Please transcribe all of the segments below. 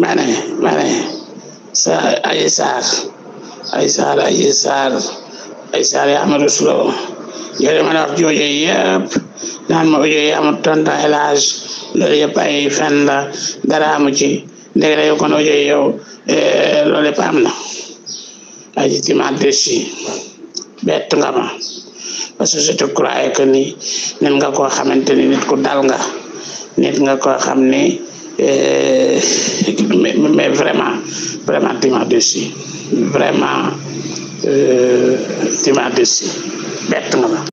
mane mane sa ay saar ay saar ay saar ay saar yi amadu sulo yore ma wax jooje yëpp naan ma jooje amul tonton El Hadj loolu yëpp fen la dara amu ci ndeg la yow kon jooje eh, na ay jitima desi bett nga ma parce que je te croyais que ni nit nga koo xamante ni ku dal nga nit nga koo xam ni Et, euh, mais, vraiment, vraiment, tu m'as déçu. Vraiment, euh, tu m'as déçu. maman.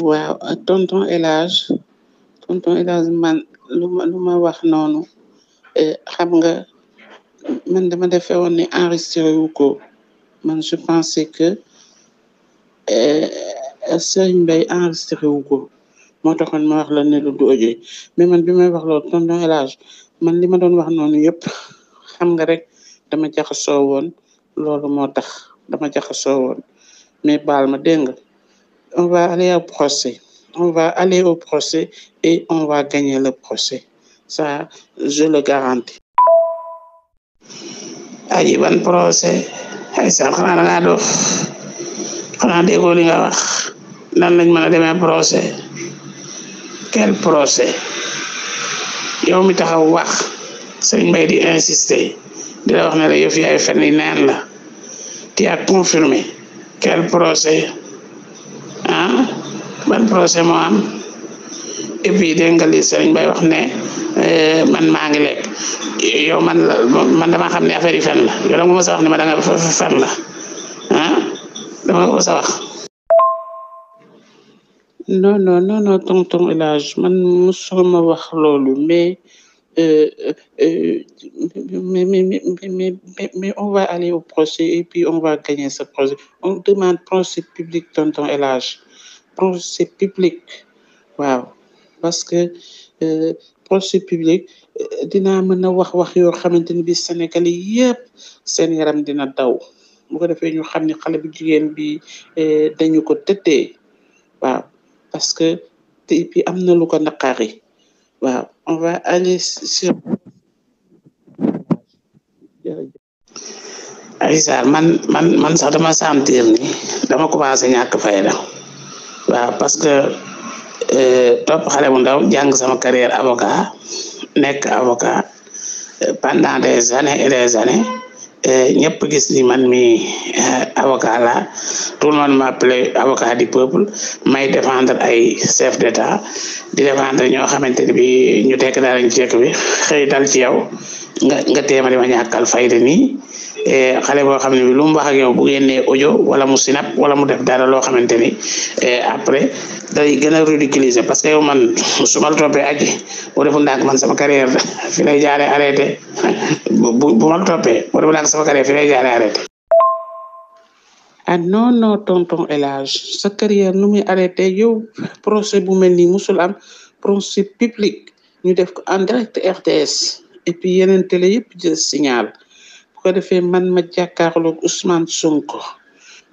Wow. tonton et tonton man l'homme non eh, xam nga man enregistré je pensais que une eh, belle enregistré wu moo taxoon ma wax la ne lu du ojee mais man bi may wax loolu tonton El Hadj man li ma doon wax noonu yépp xam nga rek dama jaxasoo woon loolu moo tax dama jaxasoo woon mais baal ma dégg nga on va aller au procès on va aller au procès et on va gagner le procès ça je le garantis. aji ban procès ay san xanaa da ngaa doof xanaa déggoo li nga wax nan lañ mën a demee procès quel procès yow mi taxaw wax sëñ Mbaye di insister di la wax ne la yow fi ay fen yi neen la tu as confirmé quel procès ah ban procès moo am et puis dégg nga wax ne eh, man maa ngi lekk yow man la man dama xam ne affaire yi fen la yow dama mos a wax ne ma danga fen la ah dama mos a wax. non non non non tonton El Hadj man musuma wax loolu mais euh, euh, mais, mais, mais, mais on va aller au procès et puis on va gagner ce procès on demande procès public tonton El Hadj procès public waaw parce que euh, procès public euh, dina mën a wax wax yoo xamante ni bi Sénégalais yëpp seen yaram dina daw bu ko defee ñu xam ne xale bu jigéen bi euh, dañu ko tëddee waaw parce que te bi am na lu ko naqari waaw on man man man sax dama sentir ni dama commencé ñàkk fayda waaw parce que euh, topp xale bu ndaw jàng sama carrière avocat nekk avocat euh, pendant des années et des années Eh, ñëpp gis ni man mii eh, avocat la tout le monde m'appelle avocat du peuple may défendre ay chef d'état di défendre ñoo xamante ni bi ñu tekk daal lañ ceek bi xëy dal ci yow nga nga téema di ma ñàkkal fayda nii Eh, xale boo xam ne lu mu wax ak yow bu génnee audio wala mu sinap wala mu def dara loo xamante ni eh, après day gën a ridiculiser parce que yow man su ma la toppee aji boo defu ndànk man sama carrière fi lay jaaree arrêté bu bu ma la toppee boo defu ndànk sama carrière fi lay jaaree arrêté ah non non tonton El sa carrière nu muy arrêté yow procès bu mel nii musul am procès public ñu def ko en direct RTS et puis yeneen télé yëpp jël signal ko defee man ma jàkkaarloog Ousmane Sonko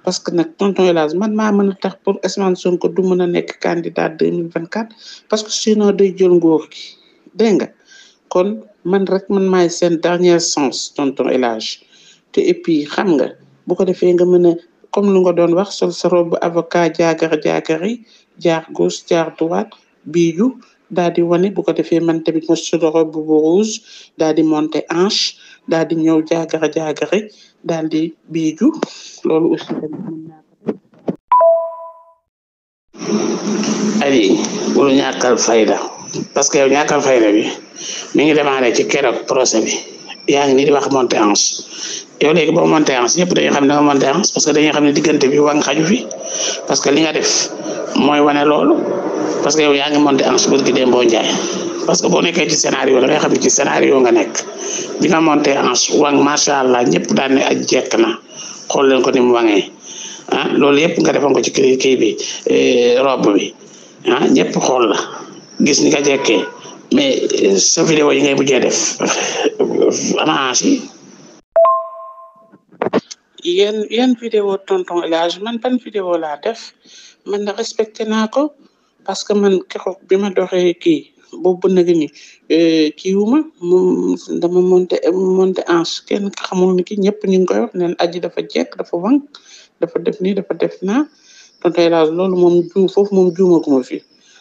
parce que nag tonton El man maa mën a tax pour Ousmane Sonko du mën a nekk candidat 2024 parce que sinon day jël nguur gi dégg nga kon man rek man maay seen dernier sens tonton El te et puis xam nga bu ko defee nga mën a comme lu nga doon wax sol sa robe avocat jaagar jaagar yi jaar gauche jaar droite biiju daal di wane bu ko defee mante tamit ma sol robe bu rouge daal di monter hanche daal di ñëw jaagara jaagare daal di biiju loolu aussi tamit mën parce que yow ñàkkal fayda bi mi ngi démarré ci keroog procès bi yaa ngi nii di wax monter hanche yow léegi boo monter hanche ñëpp dañuy xam ne da nga monter hanche parce que dañuy xam ne diggante bi wànq xaju fi parce que li nga def mooy wane loolu parce que yow yaa ngi monté ans bërki parce que boo nekkee ci scénario da ngay xam ne ci scénario nga nekk bi nga monté wang macha allah ñëpp daan ne ak jekk na xool leen ko ni mu wangee ah loolu yëpp nga defoon ko ci kii kii bi eh, robe bi ah ñëpp xool la gis ni nga jekkee mais eh, sa vidéo yi ngay mujjee def ana yi yéen yéen vidéo tonton El Hadj man ban vidéo laa def man respecté naa ko parce que man ko bi ma doxee kii boobu nag ni euh, kii wu ma moom dama monté monté ange kenn xamul ni ki ñëpp ñu ngi koy wax neen aji dafa jekk dafa wang dafa def nii dafa def naa tonton El Hadj loolu moom juu moom juumaguma fi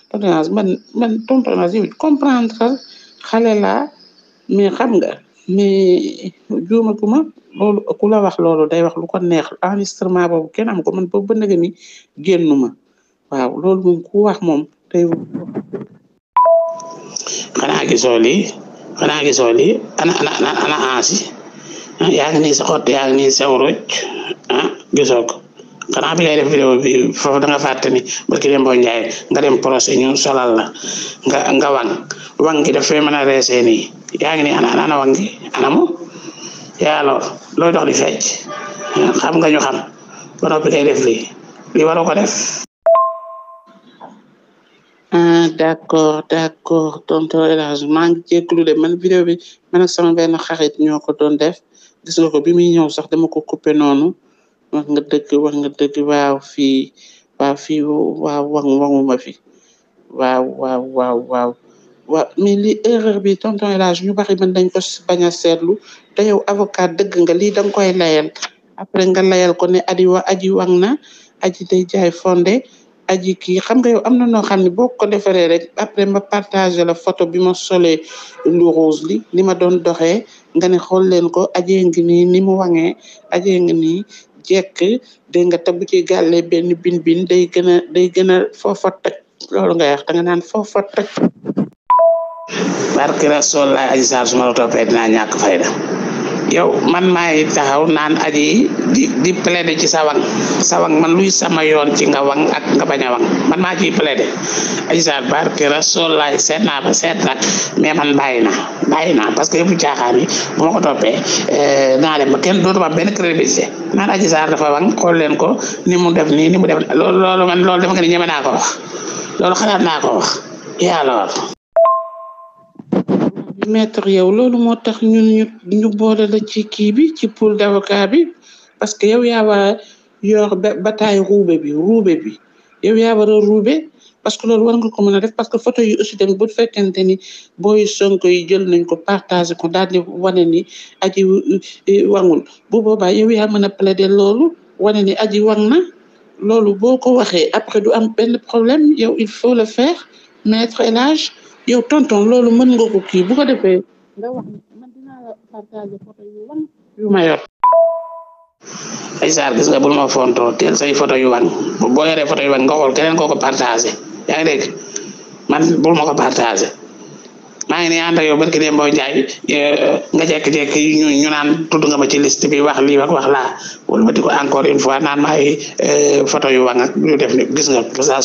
tonton El man man tonton El Hadj comprendre xale laa mais xam nga mais juumaguma loolu ku la wax loolu day wax lu ko neex enregistrement boobu kenn am ko man boobu ba gani ni génnu ma waaw loolu moom ku wax moom tey xanaa gisoo lii xanaa gisoo lii ana ana ana ana ansi ah, yaa ngi nii sa xott yaa ngi nii sa wuruj ah gisoo ko xanaa bi ngay def vidéo bi foofu da nga fàtte ni barki dem boo njaay nga dem procé ñu solal la nga nga wang wang gi daf fee mën a reesee nii yaa ngi nii ana ana lool dox di fecc ah, xam nga ñu xam ba def lii li waroo ko def Ah, d'accord d'accord tonton El Hadj maa ngi jégalu de man vidéo bi man ak sama benn xarit ñoo ko doon def bi muy ñëw sax dama ko coupé noonu wax nga dëgg wax nga dëgg waaw fii waaw fi waaw waaw waaw li erreur bi tonton El Hadj ñu bari man dañ baña bañ a seetlu te yow avocat dëgg nga lii da koy layal après nga layal ko ne aji wa aji wax na aji day jaay fonde aji ki xam nga yow am na noo xam ne boo ko defaree rek après ma partagé la photo bi ma solee lu rose li li ma doon doxee nga ne xool leen ko ajee ngi nii ni mu waŋee ajee ngi nii jekk de nga ci gàlle benn bin bin day gën a day gën a foofa toj loolu nga wax da nga naan foofa toj barkira sol la aji saar su ma la toppee dinaa fayda yow man maay taxaw naan aji di di plaider ci sa wang sa wang man luy sama yoon ci nga wang ak nga bañ a wang man maa ci ciy plaider aji saar barke rasool laay seet naa seet nag mais man bàyyi naa bàyyi naa parce que yëpp caaxaan yi bu ma ko toppee eh, naa ba kenn dootuma benn crédibilité naan aji saar dafa wang xool leen ko ni mu def nii ni mu def loolu loolu man loolu dafa nga ne ñeme naa ko wax loolu xalaat naa ko wax yaa loolu maître yow loolu motax ñun ñu ñu boole la ci ki bi ci pool d'avocat bi parce que yow ya wa a yor bataille ruube bi ruube bi yow ya war a parce que loolu war nga ko mëna def parce que photo yu aussi tamit bu fekkente ni boy Sonko yi jël nañ ko partager ko dal di wane ni aji e, wangul bu boba yow ya mëna plaider loolu wane ni aji wang na boko waxé après du am ben problème yow il faut le faire maître et l'âge. yow tonton loolu mën nga ko kii bu ko defee nga wax man dinaa la partager photo yu wan yu ma yor ay saar gis nga bul ma fontoo teel say photo yu wan boo yoree photo yu wan nga xool keneen koo ko partager yaa ngi dégg man bul ma ko partager maa ngi ne ànd ak yow barki eh, nga jekk-jekk ñu ñu nga ma ci liste bi wax lii ak wax laa wala ma di ko encore une fois naan maay eh, photo yu wax nga ñu def ni gis nga que ça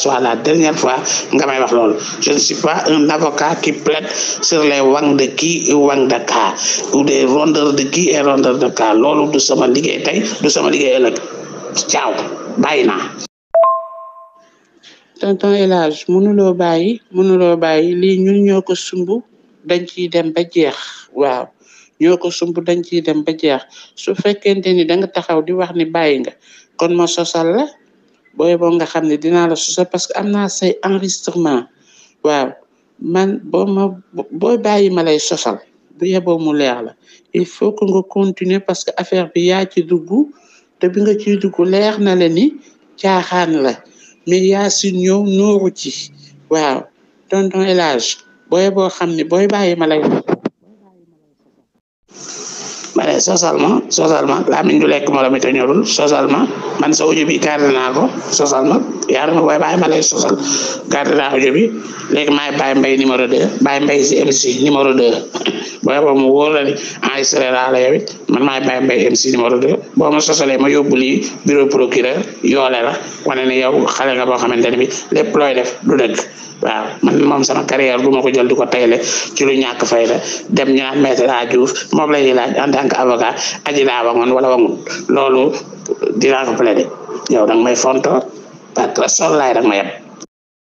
la wang de kii wang de kaa ou des rondeurs de kii et rondeurs de kaa loolu du sama liggéey tey du sama liggéey ëllëg caaw bàyyi naa tonton El Hadj mënuloo bàyyi mënuloo bàyyi lii ñun ñoo ko dañ ciy dem ba jeex waaw ñoo ko sump dañ ciy dem ba jeex su fekkente ni da nga taxaw di wax ni bàyyi nga kon ma sosal la booy boo nga xam ne dinaa la sosal parce que am naa say enregistrement waaw man boo ma boo bàyyi ma lay sosal bu yeboo mu leer la il faut que nga continuer parce que affaire bi yaa ci dugg te bi nga ciy dugg leer na la ni caaxaan la mais yaa si ñëw nooru ci waaw tonton élage booy boo xam ne booy bàyyi ma lay ma ne sosal ma sosal ma lamin du lekk morom it ñorul sosal ma man sa uju bi garde naa ko sosal ma yaar ma koy bàyyi ma lay sosal garde naa uju bi lek may bay mbay numéro 2 bay mbay si MC numéro 2 booy bo mo wóor la ni en israël la yow it man may bay mbay MC numéro 2 boo ma sosalee ma yóbbu lii bureau procureur yoole la wane ne yow xale nga bo xamanteni bi lepp loy def du deug waaw man mom sama carrière duma ko jël diko ko tayle ci lu ñak fay la dem ñaan maître maître Diouf mom lay laaj en tant que avocat aji daa wangoon wala wangul loolu dinaa ko plaider yow danga may fontoor parce que sol laay danga ma